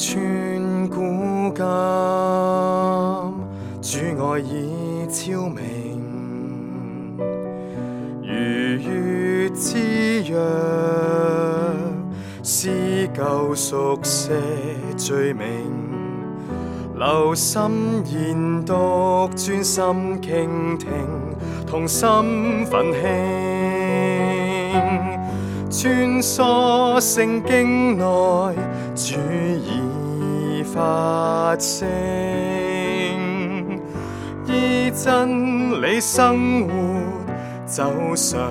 穿古今，主愛已昭明。如月之揚，撕舊熟寫罪名。留心研讀，專心傾聽，同心奮興。穿梭聖經內，主已發聲，依真理生活，走上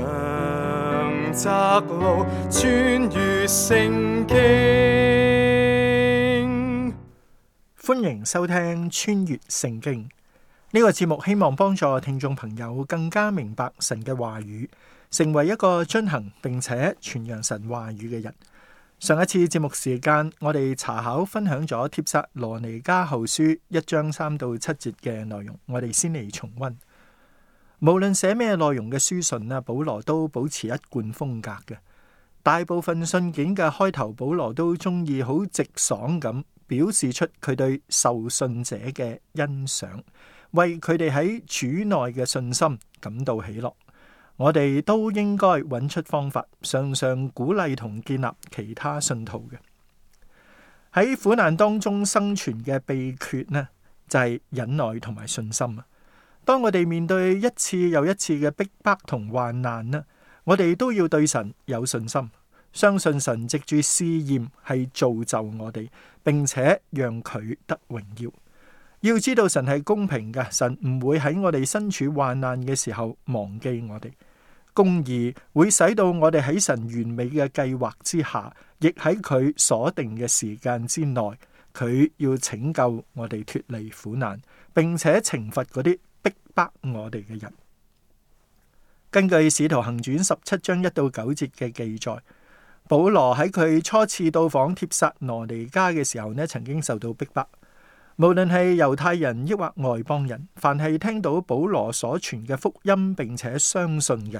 窄路，穿越聖經。歡迎收聽《穿越聖經》呢個節目，希望幫助聽眾朋友更加明白神嘅話語。成為一個遵行，並且傳揚神話語嘅人。上一次節目時間，我哋查考分享咗帖撒羅尼迦後書一章三到七節嘅內容，我哋先嚟重溫。無論寫咩內容嘅書信啦，保羅都保持一貫風格嘅。大部分信件嘅開頭，保羅都中意好直爽咁表示出佢對受信者嘅欣賞，為佢哋喺主內嘅信心感到喜樂。我哋都應該揾出方法，常常鼓勵同建立其他信徒嘅。喺苦難當中生存嘅秘訣呢，就係忍耐同埋信心。當我哋面對一次又一次嘅逼迫同患難呢，我哋都要對神有信心，相信神藉住試驗係造就我哋，並且讓佢得榮耀。要知道神係公平嘅，神唔會喺我哋身處患難嘅時候忘記我哋。公義會使到我哋喺神完美嘅計劃之下，亦喺佢鎖定嘅時間之內，佢要拯救我哋脫離苦難，並且懲罰嗰啲逼迫我哋嘅人。根據《使徒行傳》十七章一到九節嘅記載，保羅喺佢初次到訪帖撒羅尼迦嘅時候呢，曾經受到逼迫。無論係猶太人抑或外邦人，凡係聽到保羅所傳嘅福音並且相信嘅。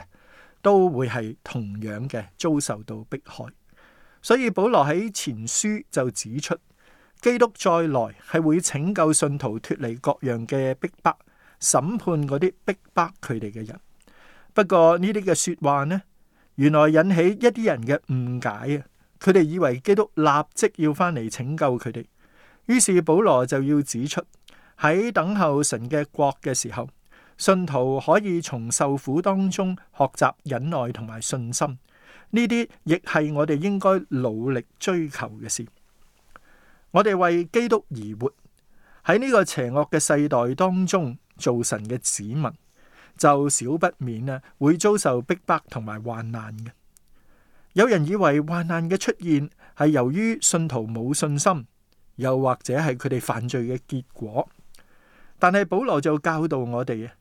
都會係同樣嘅遭受到迫害，所以保羅喺前書就指出，基督再來係會拯救信徒脫離各樣嘅逼迫，審判嗰啲逼迫佢哋嘅人。不過呢啲嘅說話呢，原來引起一啲人嘅誤解啊，佢哋以為基督立即要翻嚟拯救佢哋，於是保羅就要指出喺等候神嘅國嘅時候。信徒可以從受苦當中學習忍耐同埋信心，呢啲亦係我哋應該努力追求嘅事。我哋為基督而活喺呢個邪惡嘅世代當中，做神嘅子民，就少不免啊會遭受逼迫同埋患難嘅。有人以為患難嘅出現係由於信徒冇信心，又或者係佢哋犯罪嘅結果，但係保羅就教導我哋。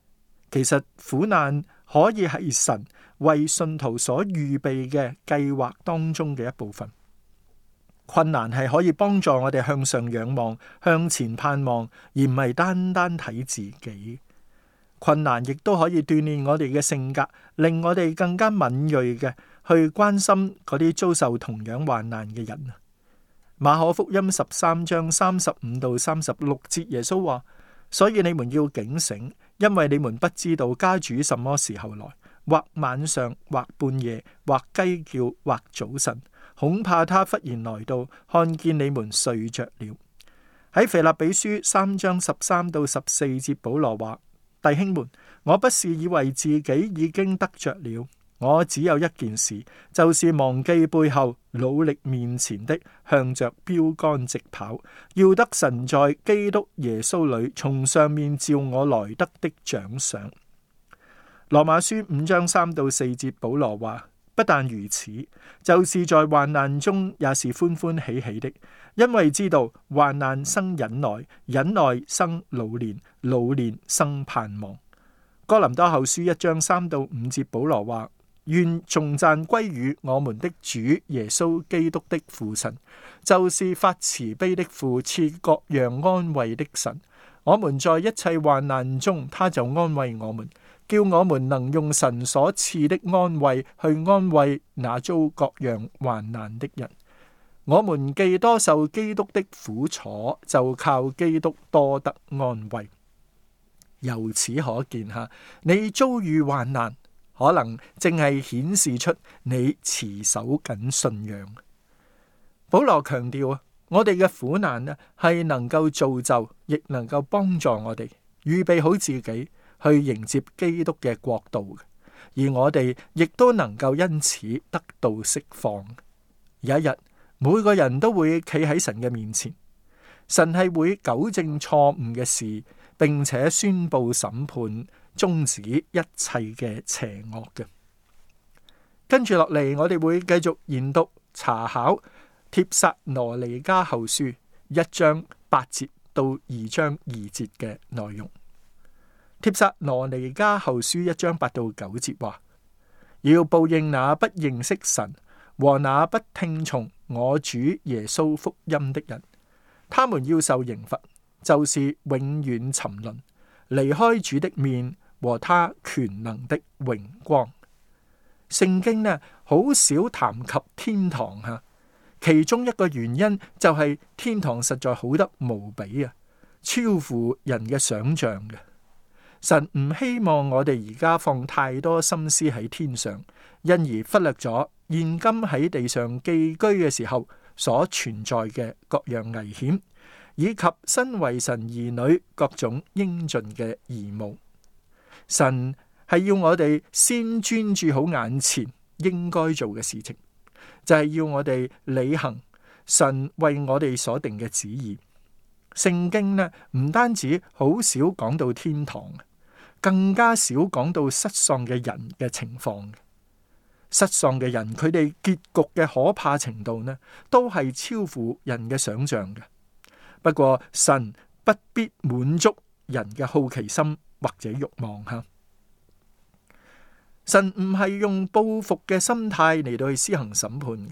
其實苦難可以係神為信徒所預備嘅計劃當中嘅一部分。困難係可以幫助我哋向上仰望、向前盼望，而唔係單單睇自己。困難亦都可以鍛煉我哋嘅性格，令我哋更加敏銳嘅去關心嗰啲遭受同樣患難嘅人。馬可福音十三章三十五到三十六節，耶穌話：「所以你們要警醒。」因為你們不知道家主什麼時候來，或晚上，或半夜，或雞叫，或早晨，恐怕他忽然來到，看見你們睡着了。喺腓立比書三章十三到十四節，保羅話：弟兄們，我不是以為自己已經得着了。我只有一件事，就是忘記背後，努力面前的，向着標杆直跑。要得神在基督耶穌裏從上面召我來得的獎賞。羅馬書五章三到四節，保羅話：不但如此，就是在患難中也是歡歡喜喜，喜的，因為知道患難生忍耐，忍耐生老練，老練生盼望。哥林多後書一章三到五節，保羅話。願重讚歸於我們的主耶穌基督的父神，就是發慈悲的父，賜各樣安慰的神。我們在一切患難中，他就安慰我們，叫我們能用神所賜的安慰去安慰那遭各樣患難的人。我們既多受基督的苦楚，就靠基督多得安慰。由此可見，吓，你遭遇患難。可能正係顯示出你持守緊信仰。保羅強調啊，我哋嘅苦難啊係能夠造就，亦能夠幫助我哋預備好自己去迎接基督嘅國度，而我哋亦都能夠因此得到釋放。有一日，每個人都會企喺神嘅面前，神係會糾正錯誤嘅事，並且宣布審判。終止一切嘅邪惡嘅。跟住落嚟，我哋會繼續研讀查考帖撒羅尼加後書一章八節到二章二節嘅內容。帖撒羅尼加後書一章八到九節話：要報應那不認識神和那不聽從我主耶穌福音的人，他們要受刑罰，就是永遠沉淪，離開主的面。和他權能的榮光。聖經呢好少談及天堂吓，其中一個原因就係天堂實在好得無比啊，超乎人嘅想象嘅。神唔希望我哋而家放太多心思喺天上，因而忽略咗現今喺地上寄居嘅時候所存在嘅各樣危險，以及身為神兒女各種英俊嘅義務。神係要我哋先專注好眼前應該做嘅事情，就係要我哋履行神為我哋所定嘅旨意。聖經呢唔單止好少講到天堂，更加少講到失喪嘅人嘅情況。失喪嘅人佢哋結局嘅可怕程度呢，都係超乎人嘅想象嘅。不過神不必滿足人嘅好奇心。或者欲望吓，神唔係用報復嘅心態嚟到去施行審判嘅，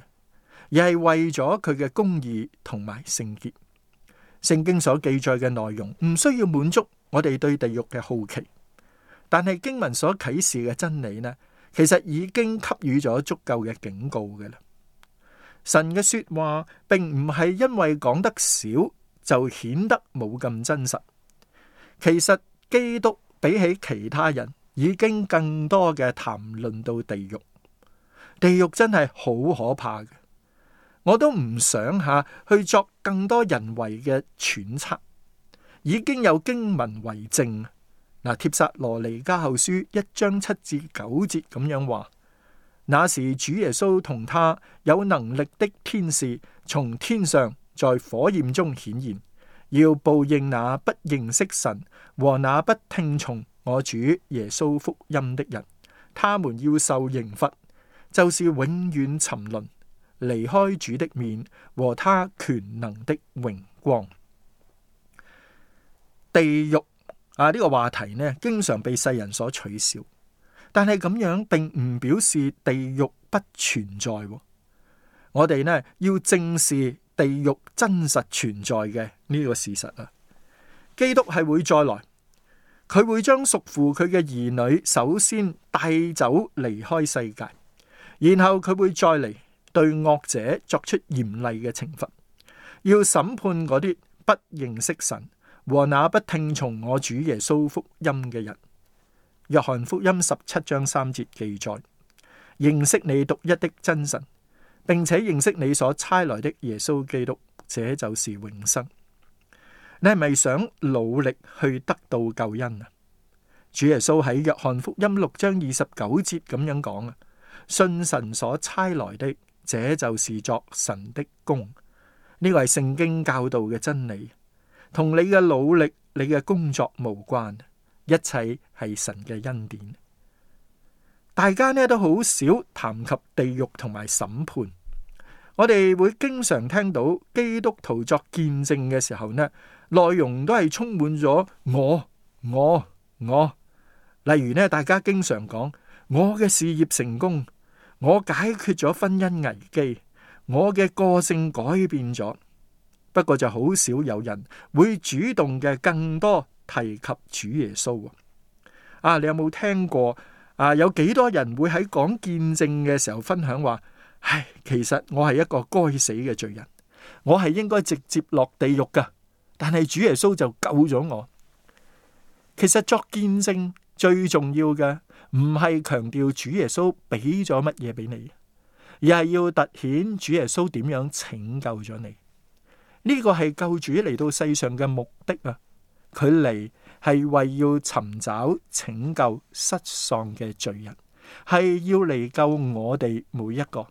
而係為咗佢嘅公義同埋聖潔。聖經所記載嘅內容唔需要滿足我哋對地獄嘅好奇，但係經文所啟示嘅真理呢，其實已經給予咗足夠嘅警告嘅啦。神嘅說話並唔係因為講得少就顯得冇咁真實，其實。基督比起其他人，已經更多嘅談論到地獄。地獄真係好可怕嘅，我都唔想下去作更多人為嘅揣測。已經有經文為證，嗱，帖撒羅尼迦後書一章七至九節咁樣話：「那時主耶穌同他有能力的天使從天上在火焰中顯現。要報應那不認識神和那不聽從我主耶穌福音的人，他們要受刑罰，就是永遠沉淪，離開主的面和他權能的榮光。地獄啊，呢、這個話題呢，經常被世人所取笑，但係咁樣並唔表示地獄不存在，哦。我哋呢要正視。地獄真實存在嘅呢個事實啊，基督係會再來，佢會將屬乎佢嘅兒女首先帶走離開世界，然後佢會再嚟對惡者作出嚴厲嘅懲罰，要審判嗰啲不認識神和那不聽從我主耶穌福音嘅人。約翰福音十七章三節記載：認識你獨一的真神。並且認識你所差來的耶穌基督，這就是永生。你係咪想努力去得到救恩啊？主耶穌喺約翰福音六章二十九節咁樣講啊：信神所差來的，這就是作神的工。」呢個係聖經教導嘅真理，同你嘅努力、你嘅工作無關，一切係神嘅恩典。大家呢都好少談及地獄同埋審判，我哋會經常聽到基督徒作見證嘅時候呢，內容都係充滿咗我、我、我。例如呢，大家經常講我嘅事業成功，我解決咗婚姻危機，我嘅個性改變咗。不過就好少有人會主動嘅更多提及主耶穌啊！啊，你有冇聽過？啊！有幾多人會喺講見證嘅時候分享話：唉，其實我係一個該死嘅罪人，我係應該直接落地獄噶。但係主耶穌就救咗我。其實作見證最重要嘅唔係強調主耶穌俾咗乜嘢俾你，而係要突顯主耶穌點樣拯救咗你。呢個係救主嚟到世上嘅目的啊！佢嚟。係為要尋找拯救失喪嘅罪人，係要嚟救我哋每一個，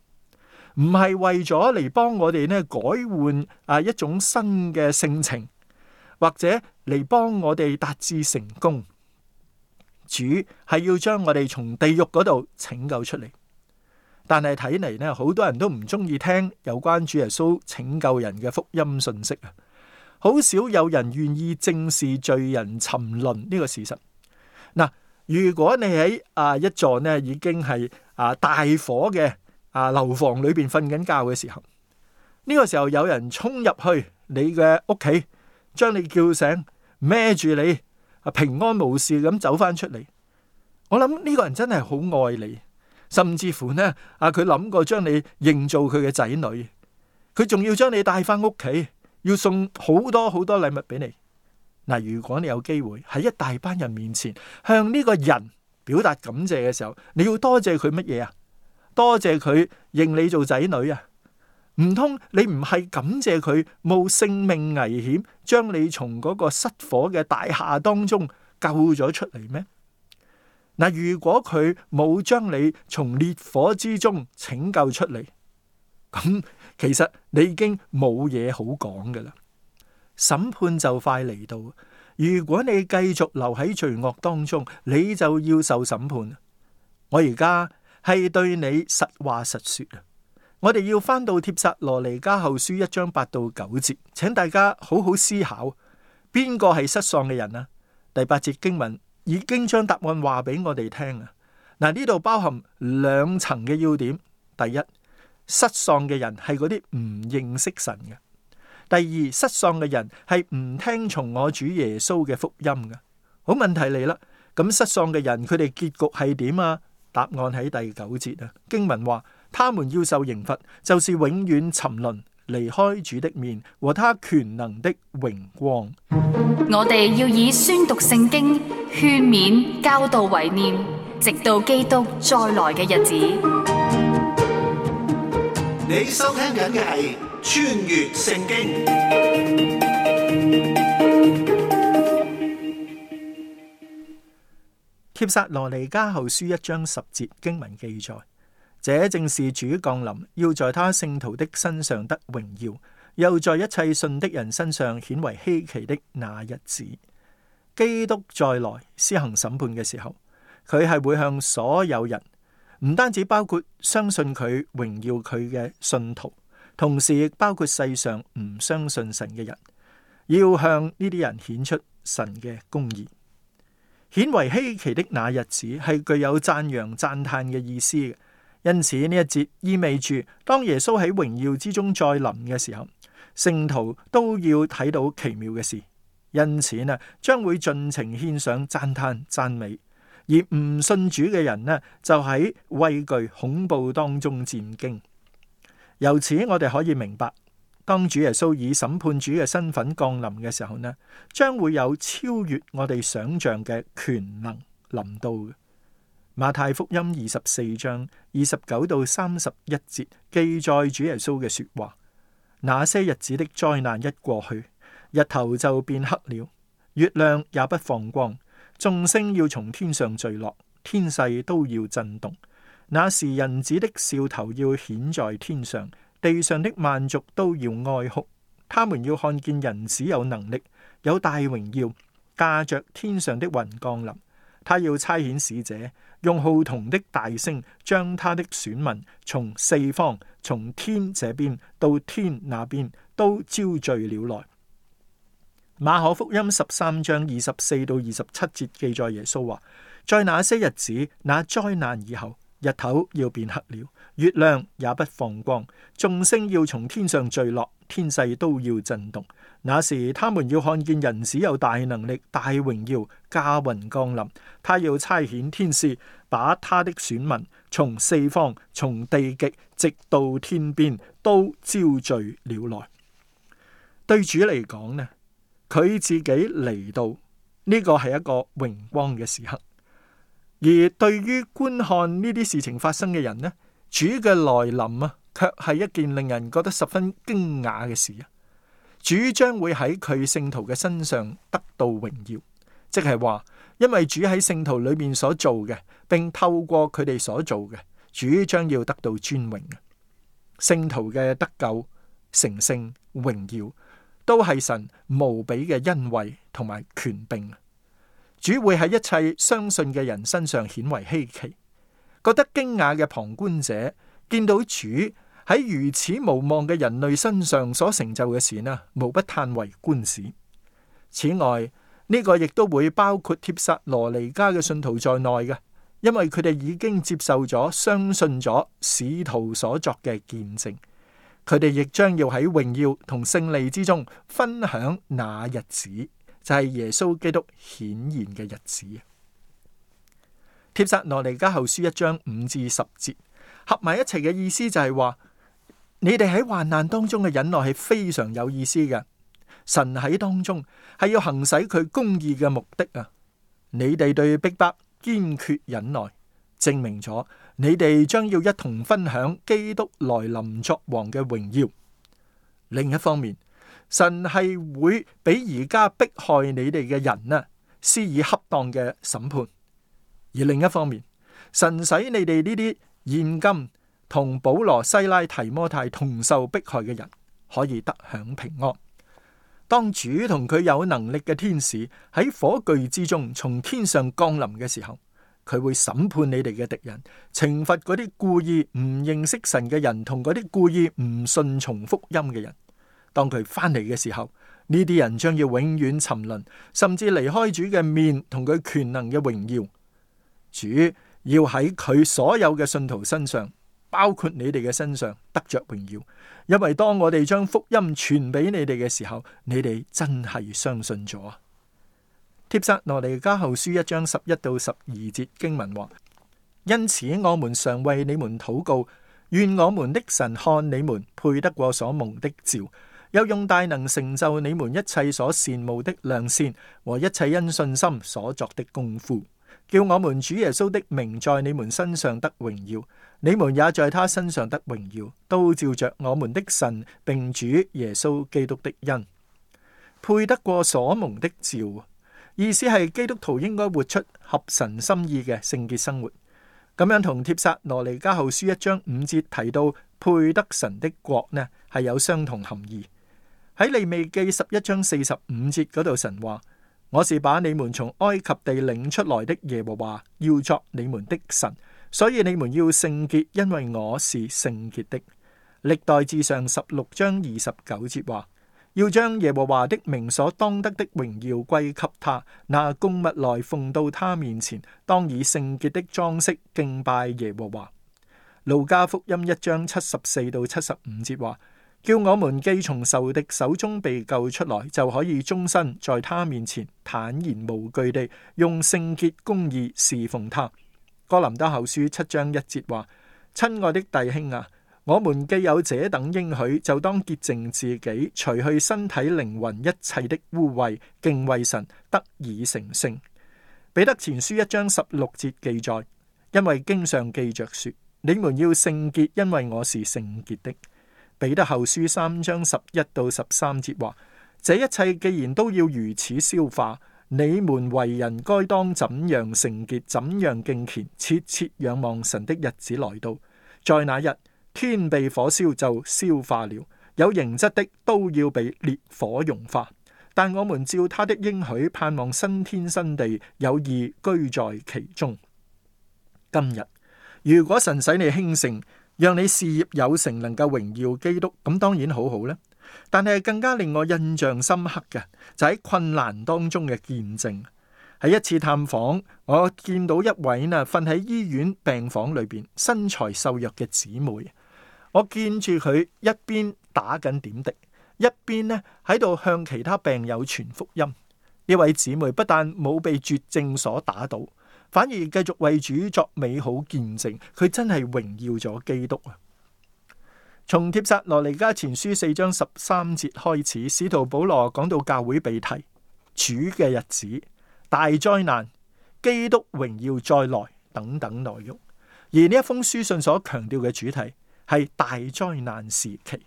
唔係為咗嚟幫我哋呢改換啊一種新嘅性情，或者嚟幫我哋達至成功。主係要將我哋從地獄嗰度拯救出嚟，但係睇嚟呢好多人都唔中意聽有關主耶穌拯救人嘅福音信息啊。好少有人願意正視罪人沉淪呢個事實。嗱，如果你喺啊一座呢已經係啊大火嘅啊樓房裏邊瞓緊覺嘅時候，呢個時候有人衝入去你嘅屋企，將你叫醒，孭住你啊平安無事咁走翻出嚟。我諗呢個人真係好愛你，甚至乎呢啊佢諗過將你認做佢嘅仔女，佢仲要將你帶翻屋企。要送好多好多禮物俾你。嗱，如果你有機會喺一大班人面前向呢個人表達感謝嘅時候，你要多謝佢乜嘢啊？多謝佢認你做仔女啊？唔通你唔係感謝佢冒性命危險將你從嗰個失火嘅大廈當中救咗出嚟咩？嗱，如果佢冇將你從烈火之中拯救出嚟，咁。其實你已經冇嘢好講噶啦，審判就快嚟到。如果你繼續留喺罪惡當中，你就要受審判。我而家係對你實話實說啊！我哋要翻到帖撒羅尼迦後書一章八到九節，請大家好好思考，邊個係失喪嘅人啊？第八節經文已經將答案話俾我哋聽啊！嗱，呢度包含兩層嘅要點，第一。失喪嘅人係嗰啲唔認識神嘅。第二，失喪嘅人係唔聽從我主耶穌嘅福音嘅。好問題嚟啦。咁失喪嘅人佢哋結局係點啊？答案喺第九節啊。經文話，他們要受刑罰，就是永遠沉淪，離開主的面和他權能的榮光。我哋要以宣讀聖經、勸勉、教導、為念，直到基督再來嘅日子。你收聽緊嘅係《穿越聖經》。帖撒羅尼迦後書一章十節經文記載，這正是主降臨，要在他聖徒的身上得榮耀，又在一切信的人身上顯為稀奇的那日子。基督再來施行審判嘅時候，佢係會向所有人。唔單止包括相信佢榮耀佢嘅信徒，同時亦包括世上唔相信神嘅人，要向呢啲人顯出神嘅公義，顯為稀奇的那日子係具有讚揚讚嘆嘅意思嘅，因此呢一節意味住，當耶穌喺榮耀之中再臨嘅時候，聖徒都要睇到奇妙嘅事，因此啊，將會盡情獻上讚嘆讚美。而唔信主嘅人呢，就喺畏懼恐怖當中戰驚。由此我哋可以明白，當主耶穌以審判主嘅身份降臨嘅時候呢，將會有超越我哋想象嘅權能臨到嘅。馬太福音二十四章二十九到三十一節記載主耶穌嘅說話：那些日子的災難一過去，日頭就變黑了，月亮也不放光。眾星要從天上墜落，天勢都要震動。那時人子的兆頭要顯在天上，地上的萬族都要哀哭。他們要看見人子有能力，有大榮耀，駕着天上的雲降臨。他要差遣使者，用號筒的大聲，將他的選民從四方、從天這邊到天那邊都招聚了來。馬可福音十三章二十四到二十七節記載，耶穌話：在那些日子，那災難以後，日頭要變黑了，月亮也不放光，眾星要從天上墜落，天勢都要震動。那時，他們要看見人子有大能力、大榮耀駕雲降臨。他要差遣天使，把他的選民從四方、從地極直到天邊都招聚了來。對主嚟講呢？佢自己嚟到呢個係一個榮光嘅時刻，而對於觀看呢啲事情發生嘅人呢，主嘅來臨啊，卻係一件令人覺得十分驚訝嘅事啊！主將會喺佢聖徒嘅身上得到榮耀，即係話，因為主喺聖徒裏面所做嘅，並透過佢哋所做嘅，主將要得到尊榮嘅。聖徒嘅得救、成聖、榮耀。都係神無比嘅恩惠同埋權柄，主會喺一切相信嘅人身上顯為稀奇，覺得驚訝嘅旁觀者見到主喺如此無望嘅人類身上所成就嘅事呢，無不嘆為觀止。此外，呢、這個亦都會包括帖撒羅尼加嘅信徒在內嘅，因為佢哋已經接受咗、相信咗使徒所作嘅見證。佢哋亦將要喺榮耀同勝利之中分享那日子，就係耶穌基督顯現嘅日子。帖撒羅尼加後書一章五至十節合埋一齊嘅意思就係話，你哋喺患難當中嘅忍耐係非常有意思嘅。神喺當中係要行使佢公義嘅目的啊！你哋對逼迫堅決忍耐，證明咗。你哋將要一同分享基督來臨作王嘅榮耀。另一方面，神係會俾而家迫害你哋嘅人呢施以恰當嘅審判。而另一方面，神使你哋呢啲現今同保羅、西拉、提摩太同受迫害嘅人可以得享平安。當主同佢有能力嘅天使喺火炬之中從天上降臨嘅時候。佢會審判你哋嘅敵人，懲罰嗰啲故意唔認識神嘅人，同嗰啲故意唔順從福音嘅人。當佢翻嚟嘅時候，呢啲人將要永遠沉淪，甚至離開主嘅面同佢權能嘅榮耀。主要喺佢所有嘅信徒身上，包括你哋嘅身上得着榮耀，因為當我哋將福音傳俾你哋嘅時候，你哋真係相信咗。帖撒羅尼迦後書一章十一到十二節經文話：因此我們常為你們禱告，願我們的神看你們配得過所蒙的召，又用大能成就你們一切所羨慕的良善和一切因信心所作的功夫，叫我們主耶穌的名在你們身上得榮耀，你們也在他身上得榮耀，都照着我們的神並主耶穌基督的恩，配得過所蒙的召。意思係基督徒應該活出合神心意嘅聖潔生活，咁樣同帖撒羅尼加後書一章五節提到配得神的國呢，係有相同含義。喺利未記十一章四十五節嗰度神話，我是把你們從埃及地領出來的耶和華，要作你們的神，所以你們要聖潔，因為我是聖潔的。歷代志上十六章二十九節話。要將耶和華的名所當得的榮耀歸給他，拿供物來奉到他面前，當以聖潔的裝飾敬拜耶和華。路加福音一章七十四到七十五節話，叫我們既從仇敵手中被救出來，就可以終身在他面前坦然無懼地用聖潔公義侍奉他。哥林多後書七章一節話，親愛的弟兄啊。我們既有這等應許，就當潔淨自己，除去身體、靈魂一切的污穢，敬畏神，得以成聖。彼得前書一章十六節記載：因為經上記着說，你們要聖潔，因為我是聖潔的。彼得後書三章十一到十三節話：這一切既然都要如此消化，你們為人該當怎樣聖潔，怎樣敬虔，切切仰望神的日子來到，在那日，天被火燒就消化了，有形質的都要被烈火融化。但我們照他的應許，盼望新天新地，有義居在其中。今日如果神使你興盛，讓你事業有成，能夠榮耀基督，咁當然好好啦。但係更加令我印象深刻嘅，就喺、是、困難當中嘅見證。喺一次探訪，我見到一位呢瞓喺醫院病房裏邊，身材瘦弱嘅姊妹。我見住佢一邊打緊點滴，一邊咧喺度向其他病友傳福音。呢位姊妹不但冇被絕症所打倒，反而繼續為主作美好見證。佢真係榮耀咗基督啊！從帖撒羅尼迦前書四章十三節開始，使徒保羅講到教會被提、主嘅日子、大災難、基督榮耀再來等等內容。而呢一封書信所強調嘅主題，係大災難時期，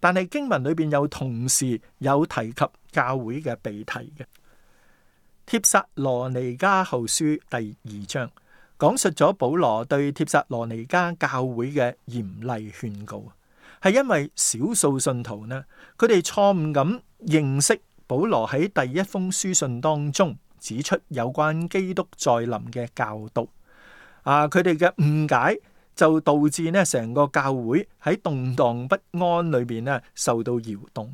但係經文裏邊有同時有提及教會嘅被提嘅。帖撒羅尼加後書第二章講述咗保羅對帖撒羅尼加教會嘅嚴厲勸告，係因為少數信徒呢，佢哋錯誤咁認識保羅喺第一封書信當中指出有關基督再臨嘅教導，啊，佢哋嘅誤解。就導致呢成個教會喺動盪不安裏邊呢受到搖動。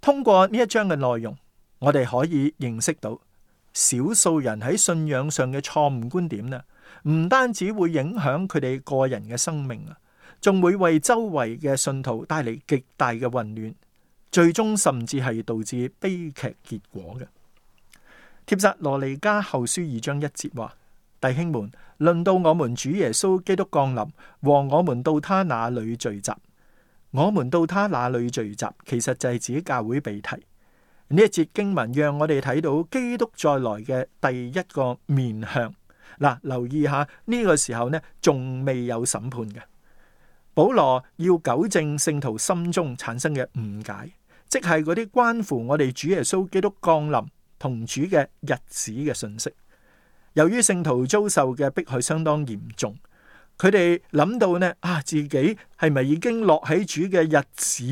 通過呢一章嘅內容，我哋可以認識到少數人喺信仰上嘅錯誤觀點呢，唔單止會影響佢哋個人嘅生命啊，仲會為周圍嘅信徒帶嚟極大嘅混亂，最終甚至係導致悲劇結果嘅。帖撒羅尼迦後書二章一節話：弟兄們。論到我們主耶穌基督降臨，和我們到他那裡聚集。我們到他那裡聚集，其實就係指教會被提。呢一節經文讓我哋睇到基督再來嘅第一個面向。嗱，留意下呢個時候呢，仲未有審判嘅。保羅要糾正聖徒心中產生嘅誤解，即係嗰啲關乎我哋主耶穌基督降臨同主嘅日子嘅信息。由於聖徒遭受嘅迫害相當嚴重，佢哋諗到呢啊自己係咪已經落喺主嘅日子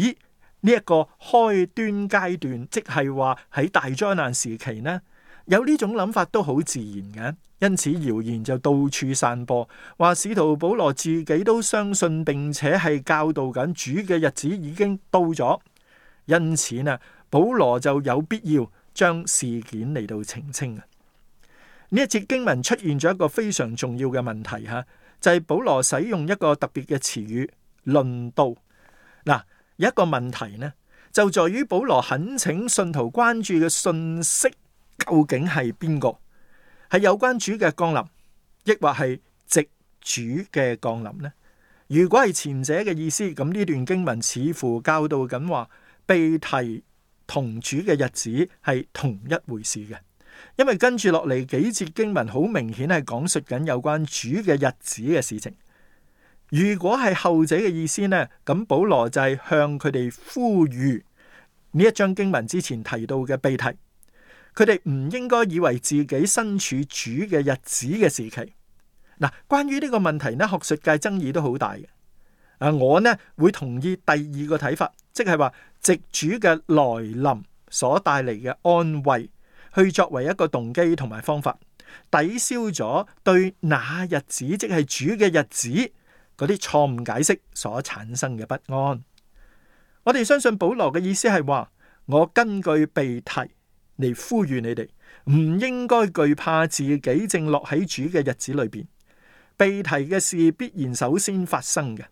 呢一個開端階段，即係話喺大災難時期呢？有呢種諗法都好自然嘅，因此謠言就到處散播，話使徒保羅自己都相信並且係教導緊主嘅日子已經到咗，因此呢，保羅就有必要將事件嚟到澄清。呢一節經文出現咗一個非常重要嘅問題吓，就係、是、保羅使用一個特別嘅詞語論道。嗱，有一個問題呢，就在於保羅懇請信徒關注嘅信息究竟係邊個？係有關主嘅降臨，亦或係直主嘅降臨呢？如果係前者嘅意思，咁呢段經文似乎教導緊話，被提同主嘅日子係同一回事嘅。因為跟住落嚟幾節經文好明顯係講述緊有關主嘅日子嘅事情。如果係後者嘅意思呢，咁保羅就係向佢哋呼籲呢一章經文之前提到嘅標題。佢哋唔應該以為自己身處主嘅日子嘅時期。嗱，關於呢個問題呢，學術界爭議都好大嘅。啊，我呢會同意第二個睇法，即係話直主嘅來臨所帶嚟嘅安慰，去作為一個動機同埋方法，抵消咗對那日子，即係主嘅日子嗰啲錯誤解釋所產生嘅不安。我哋相信保羅嘅意思係話，我根據被提嚟呼籲你哋，唔應該懼怕自己正落喺主嘅日子裏邊，被提嘅事必然首先發生嘅。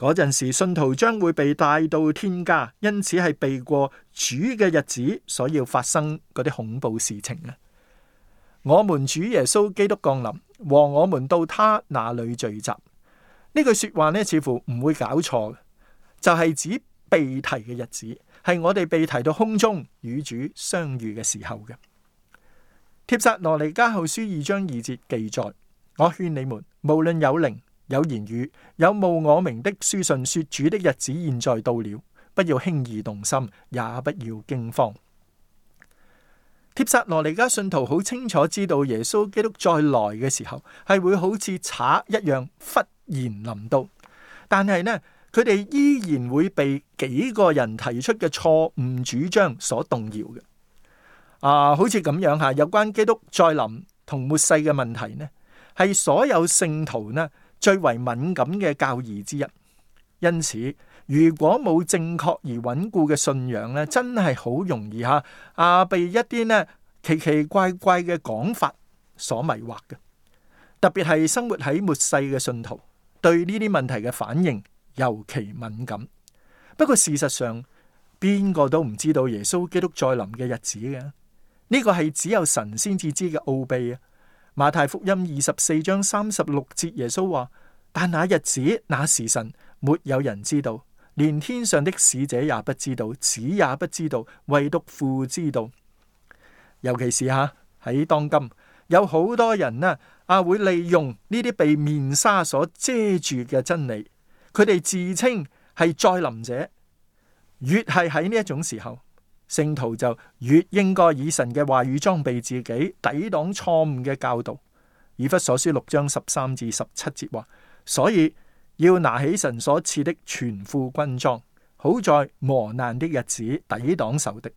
嗰陣時，信徒將會被帶到天家，因此係避過主嘅日子所要發生嗰啲恐怖事情咧。我們主耶穌基督降臨，和我們到他那裏聚集，呢句說話呢，似乎唔會搞錯，就係指被提嘅日子，係我哋被提到空中與主相遇嘅時候嘅。帖撒羅尼迦後書二章二節記載：我勸你們，無論有靈。有言語，有冒我名的書信說，主的日子現在到了，不要輕易動心，也不要驚慌。帖撒羅尼迦信徒好清楚知道耶穌基督再來嘅時候係會好似賊一樣忽然臨到，但係呢，佢哋依然會被幾個人提出嘅錯誤主張所動搖嘅。啊，好似咁樣吓，有關基督再臨同末世嘅問題呢，係所有聖徒呢，最為敏感嘅教義之一，因此如果冇正確而穩固嘅信仰咧，真係好容易吓啊被一啲咧奇奇怪怪嘅講法所迷惑嘅。特別係生活喺末世嘅信徒，對呢啲問題嘅反應尤其敏感。不過事實上，邊個都唔知道耶穌基督再臨嘅日子嘅，呢個係只有神先至知嘅奧秘啊！馬太福音二十四章三十六節，耶穌話：但那日子、那時辰，沒有人知道，連天上的使者也不知道，子也不知道，唯獨父知道。尤其是吓喺當今，有好多人呢，啊會利用呢啲被面紗所遮住嘅真理，佢哋自稱係再臨者，越係喺呢一種時候。聖徒就越應該以神嘅話語裝備自己，抵擋錯誤嘅教導。以弗所書六章十三至十七節話，所以要拿起神所賜的全副軍裝，好在磨難的日子抵擋仇敵，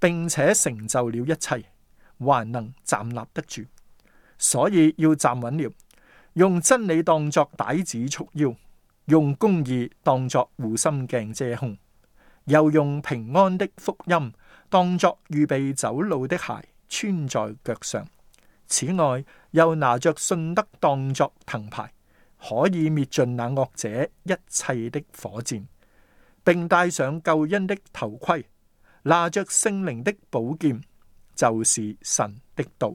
並且成就了一切，還能站立得住。所以要站穩了，用真理當作帶子束腰，用公義當作護心鏡遮胸。又用平安的福音當作預備走路的鞋穿在腳上，此外又拿着信德當作藤牌，可以滅盡那惡者一切的火箭，並戴上救恩的頭盔，拿着聖靈的寶劍，就是神的道。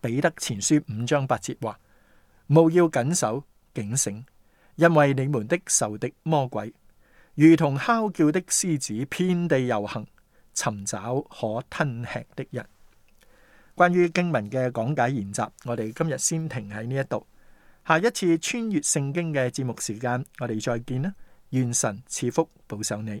彼得前書五章八節話：務要謹守警醒，因為你們的仇敵魔鬼。如同哮叫的獅子，遍地遊行，尋找可吞吃的人。關於經文嘅講解研習，我哋今日先停喺呢一度。下一次穿越聖經嘅節目時間，我哋再見啦！願神賜福保守你。